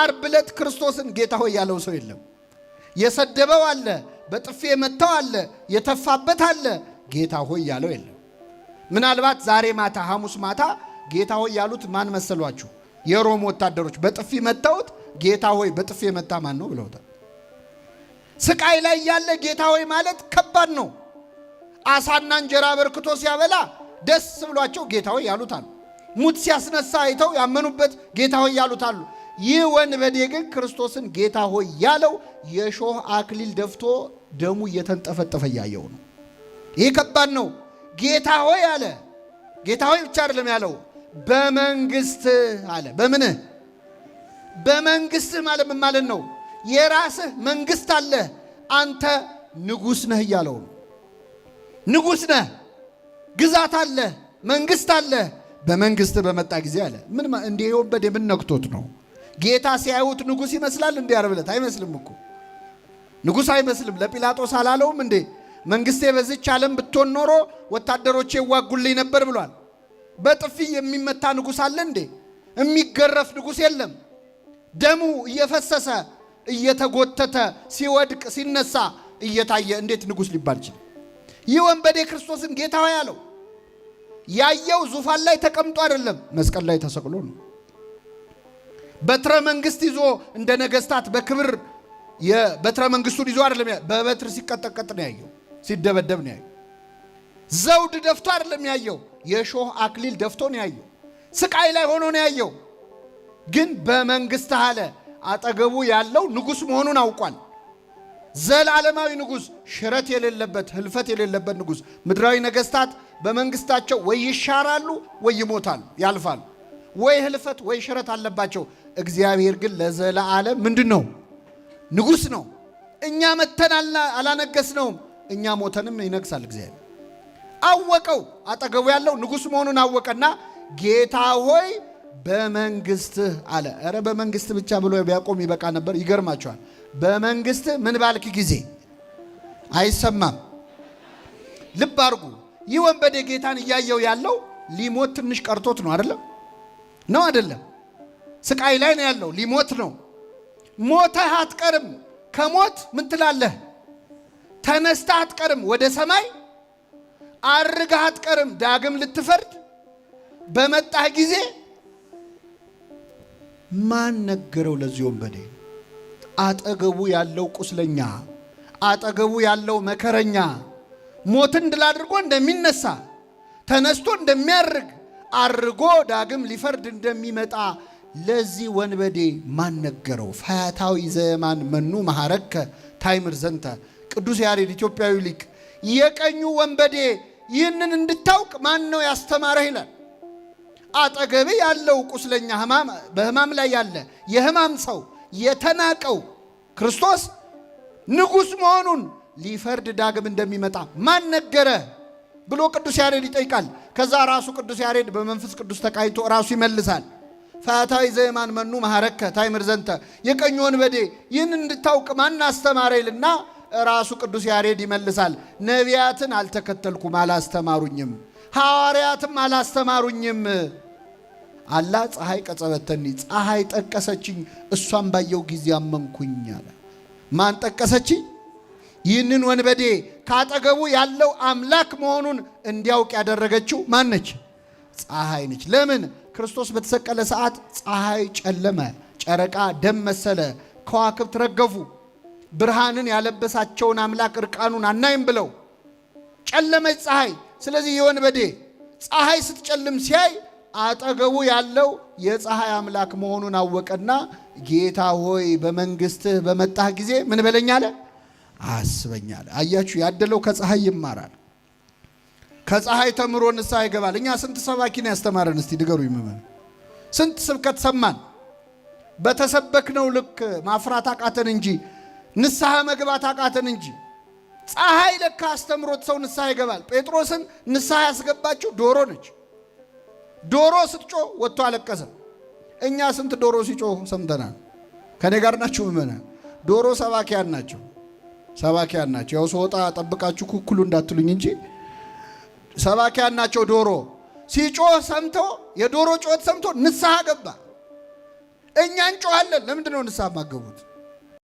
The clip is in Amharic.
አርብ ዕለት ክርስቶስን ጌታ ሆይ ያለው ሰው የለም። የሰደበው አለ፣ በጥፌ የመታው አለ፣ የተፋበት አለ፣ ጌታ ሆይ ያለው የለም። ምናልባት ዛሬ ማታ ሐሙስ ማታ ጌታ ሆይ ያሉት ማን መሰሏችሁ? የሮም ወታደሮች በጥፊ መታውት፣ ጌታ ሆይ በጥፊ መታ ማን ነው ብለውታል። ስቃይ ላይ ያለ ጌታ ሆይ ማለት ከባድ ነው። አሳና እንጀራ በርክቶ ሲያበላ ደስ ብሏቸው ጌታ ሆይ ያሉታል። ሙት ሲያስነሳ አይተው ያመኑበት ጌታ ሆይ ያሉታሉ። ይህ ወንበዴ ግን ክርስቶስን ጌታ ሆይ ያለው የሾህ አክሊል ደፍቶ ደሙ እየተንጠፈጠፈ እያየው ነው። ይህ ከባድ ነው። ጌታ ሆይ አለ። ጌታ ሆይ ብቻ አይደለም ያለው በመንግስት አለ። በምንህ በመንግስትህ ማለት ምን ማለት ነው? የራስህ መንግስት አለ። አንተ ንጉስ ነህ እያለው ነው። ንጉስ ነህ፣ ግዛት አለ፣ መንግስት አለ። በመንግስት በመጣ ጊዜ አለ ምን እንዲህ ወንበዴ ምን ነክቶት ነው ጌታ ሲያዩት ንጉሥ ይመስላል እንዴ? አረብለት አይመስልም እኮ ንጉሥ አይመስልም። ለጲላጦስ አላለውም እንዴ? መንግስቴ በዚች ዓለም ብትሆን ኖሮ ወታደሮቼ ይዋጉልኝ ነበር ብሏል። በጥፊ የሚመታ ንጉሥ አለ እንዴ? የሚገረፍ ንጉሥ የለም። ደሙ እየፈሰሰ እየተጎተተ ሲወድቅ ሲነሳ እየታየ እንዴት ንጉሥ ሊባል ይችላል? ይህ ወንበዴ ክርስቶስን ጌታ ያለው ያየው ዙፋን ላይ ተቀምጦ አይደለም መስቀል ላይ ተሰቅሎ ነው። በትረ መንግስት ይዞ እንደ ነገስታት በክብር የበትረ መንግስቱን ይዞ አይደለም። በበትር ሲቀጠቀጥ ነው ያየው፣ ሲደበደብ ነው ያየው። ዘውድ ደፍቶ አይደለም ያየው፣ የእሾህ አክሊል ደፍቶ ነው ያየው። ስቃይ ላይ ሆኖ ነው ያየው። ግን በመንግስት አለ አጠገቡ ያለው ንጉስ መሆኑን አውቋል። ዘላለማዊ ንጉስ፣ ሽረት የሌለበት ህልፈት የሌለበት ንጉስ። ምድራዊ ነገስታት በመንግስታቸው ወይ ይሻራሉ ወይ ይሞታሉ፣ ያልፋሉ። ወይ ህልፈት ወይ ሽረት አለባቸው። እግዚአብሔር ግን ለዘለዓለም ምንድን ነው? ንጉሥ ነው። እኛ መተን አላነገስነውም። እኛ ሞተንም ይነግሳል። እግዚአብሔር አወቀው። አጠገቡ ያለው ንጉሥ መሆኑን አወቀና ጌታ ሆይ በመንግስትህ አለ። ኧረ በመንግስት ብቻ ብሎ ቢያቆም ይበቃ ነበር። ይገርማቸዋል። በመንግስትህ ምን ባልክ ጊዜ አይሰማም። ልብ አድርጉ። ይህ ወንበዴ ጌታን እያየው ያለው ሊሞት ትንሽ ቀርቶት ነው አይደለም። ነው አይደለም? ስቃይ ላይ ነው ያለው። ሊሞት ነው። ሞተህ አትቀርም። ከሞት ምን ትላለህ? ተነስተህ አትቀርም። ወደ ሰማይ አርገህ አትቀርም። ዳግም ልትፈርድ በመጣህ ጊዜ ማን ነገረው? ለዚህ ወንበዴ አጠገቡ ያለው ቁስለኛ፣ አጠገቡ ያለው መከረኛ ሞትን ድል አድርጎ እንደሚነሳ ተነስቶ እንደሚያርግ አርጎ ዳግም ሊፈርድ እንደሚመጣ ለዚህ ወንበዴ ማን ነገረው? ፈያታዊ ዘማን መኑ መሐረከ ታይምር ዘንተ ቅዱስ ያሬድ ኢትዮጵያዊ ሊቅ የቀኙ ወንበዴ ይህንን እንድታውቅ ማን ነው ያስተማረህ? ይላል አጠገቤ ያለው ቁስለኛ በህማም ላይ ያለ የህማም ሰው የተናቀው ክርስቶስ ንጉሥ መሆኑን ሊፈርድ ዳግም እንደሚመጣ ማን ነገረ? ብሎ ቅዱስ ያሬድ ይጠይቃል። ከዛ ራሱ ቅዱስ ያሬድ በመንፈስ ቅዱስ ተቃይቶ ራሱ ይመልሳል። ፈታይ ዘይማን መኑ ማሐረከ ታይምር ዘንተ የቀኝ ወንበዴ ይህን እንድታውቅ ማን አስተማረ ይልና ራሱ ቅዱስ ያሬድ ይመልሳል። ነቢያትን አልተከተልኩም አላስተማሩኝም፣ ሐዋርያትም አላስተማሩኝም። አላ ፀሐይ ቀጸበተኒ ፀሐይ ጠቀሰችኝ፣ እሷን ባየው ጊዜ አመንኩኝ አለ። ማን ጠቀሰችኝ? ይህንን ወንበዴ ካጠገቡ ያለው አምላክ መሆኑን እንዲያውቅ ያደረገችው ማን ነች? ፀሐይ ነች። ለምን? ክርስቶስ በተሰቀለ ሰዓት ፀሐይ ጨለመ፣ ጨረቃ ደም መሰለ፣ ከዋክብት ረገፉ። ብርሃንን ያለበሳቸውን አምላክ እርቃኑን አናይም ብለው ጨለመች ፀሐይ። ስለዚህ የወንበዴ ፀሐይ ስትጨልም ሲያይ አጠገቡ ያለው የፀሐይ አምላክ መሆኑን አወቀና ጌታ ሆይ በመንግሥትህ በመጣህ ጊዜ ምን በለኝ አለ። አስበኛል። አያችሁ፣ ያደለው ከፀሐይ ይማራል። ከፀሐይ ተምሮ ንስሐ ይገባል። እኛ ስንት ነው ያስተማረን? እስቲ ንገሩ ይመመን። ስንት ስብከት ሰማን? በተሰበክነው ልክ ማፍራት አቃተን እንጂ ንስሐ መግባት አቃተን እንጂ። ፀሐይ ለካ አስተምሮት ሰው ንስሐ ይገባል። ጴጥሮስን ንስሐ ያስገባችው ዶሮ ነች። ዶሮ ስትጮ ወጥቶ አለቀሰ። እኛ ስንት ዶሮ ሲጮ ሰምተናል። ከኔ ጋር ናችሁ ምመና ዶሮ ሰባኪያን ናቸው። ሰባኪያን ናቸው። ያው ስወጣ ጠብቃችሁ ኩኩሉ እንዳትሉኝ እንጂ ሰባኪያን ናቸው። ዶሮ ሲጮህ ሰምቶ የዶሮ ጮት ሰምቶ ንስሐ ገባ። እኛ እንጮኋለን። ለምንድን ነው ንስሐ ማገቡት?